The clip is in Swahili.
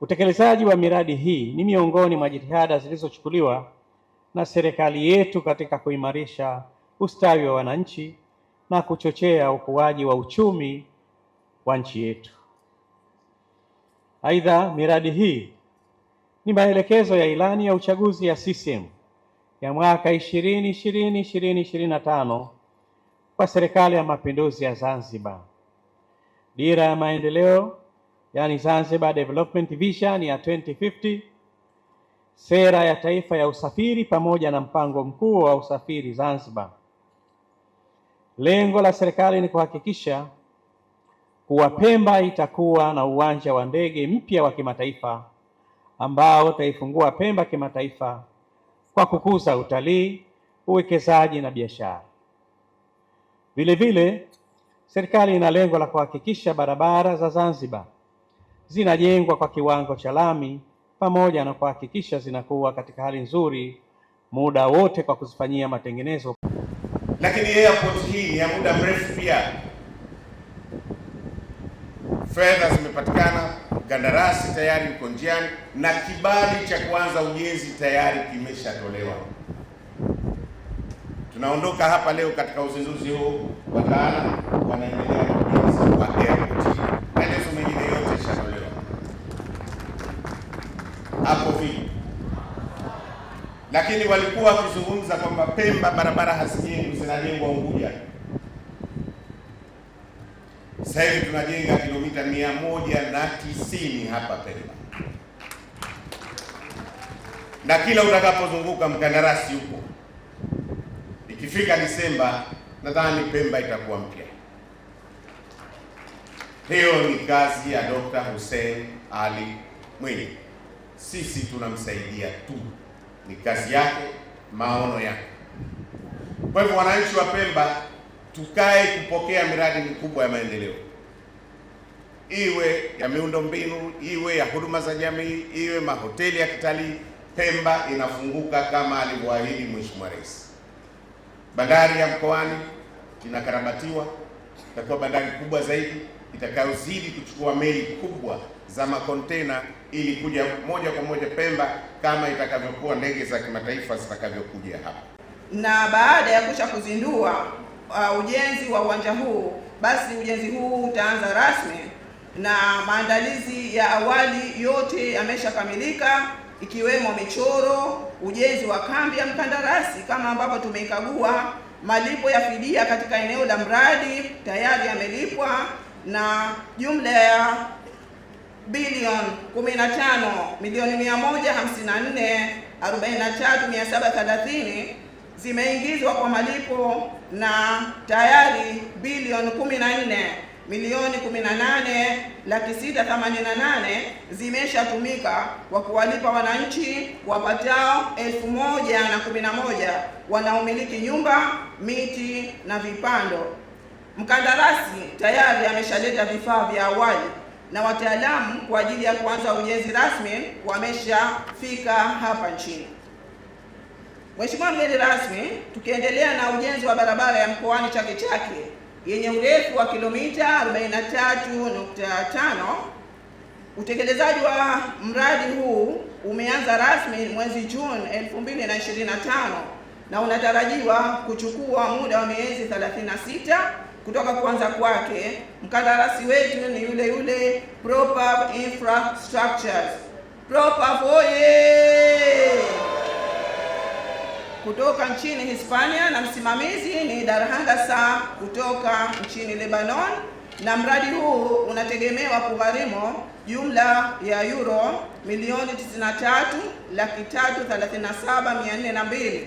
Utekelezaji wa miradi hii ni miongoni mwa jitihada zilizochukuliwa na serikali yetu katika kuimarisha ustawi wa wananchi na kuchochea ukuaji wa uchumi wa nchi yetu. Aidha, miradi hii ni maelekezo ya ilani ya uchaguzi ya CCM ya mwaka 2020 2025 kwa Serikali ya Mapinduzi ya Zanzibar, dira ya maendeleo yani Zanzibar Development Vision ya 2050, sera ya taifa ya usafiri pamoja na mpango mkuu wa usafiri Zanzibar. Lengo la serikali ni kuhakikisha kuwa Pemba itakuwa na uwanja wa ndege mpya wa kimataifa ambao utaifungua Pemba kimataifa kwa kukuza utalii, uwekezaji na biashara. Vilevile, serikali ina lengo la kuhakikisha barabara za Zanzibar zinajengwa kwa kiwango cha lami pamoja na kuhakikisha zinakuwa katika hali nzuri muda wote kwa kuzifanyia matengenezo. Lakini airport hii ni ya muda mrefu pia, fedha zimepatikana, kandarasi tayari uko njiani na kibali cha kuanza ujenzi tayari kimeshatolewa. Tunaondoka hapa leo katika uzinduzi huu, wataalamu wanaendelea kwa ujenzi wa hapo vipi? Lakini walikuwa wakizungumza kwamba Pemba barabara hazijengwi, zinajengwa Unguja. Sasa hivi tunajenga kilomita mia moja na tisini hapa Pemba, na kila utakapozunguka mkandarasi huko, ikifika Desemba nadhani Pemba itakuwa mpya. Hiyo ni kazi ya Dr. Hussein Ali Mwinyi sisi tunamsaidia tu, ni kazi yake, maono yake. Kwa hivyo wananchi wa Pemba tukae kupokea miradi mikubwa ya maendeleo, iwe ya miundombinu, iwe ya huduma za jamii, iwe mahoteli ya kitalii. Pemba inafunguka kama alivyoahidi Mheshimiwa Rais. Bandari ya Mkoani inakarabatiwa tutakuwa bandari kubwa zaidi itakayozidi kuchukua meli kubwa za makontena ili kuja moja kwa moja Pemba kama itakavyokuwa ndege za kimataifa zitakavyokuja hapa. Na baada ya kusha kuzindua uh, ujenzi wa uwanja huu, basi ujenzi huu utaanza rasmi na maandalizi ya awali yote yameshakamilika ikiwemo michoro, ujenzi wa kambi ya mkandarasi kama ambavyo tumeikagua malipo ya fidia katika eneo la mradi tayari yamelipwa na jumla ya bilioni 15 milioni 154,43730 zimeingizwa kwa malipo na tayari bilioni 14 milioni 18 laki 688 zimeshatumika kwa kuwalipa wananchi wapatao elfu moja na moja wanaomiliki nyumba, miti na vipando. Mkandarasi tayari ameshaleta vifaa vya awali na wataalamu kwa ajili ya kuanza ujenzi rasmi wameshafika hapa nchini. Mheshimiwa mgeni rasmi, tukiendelea na ujenzi wa barabara ya mkoani Chake Chake yenye urefu wa kilomita 43.5. Utekelezaji wa mradi huu umeanza rasmi mwezi Juni 2025 na unatarajiwa kuchukua muda wa miezi 36 kutoka kuanza kwake. Mkandarasi wetu ni yule yule Propap Infrastructures. Propap oye! kutoka nchini Hispania na msimamizi ni Darhanda Sa kutoka nchini Lebanon, na mradi huu unategemewa kugharimu jumla ya euro milioni 93 laki 337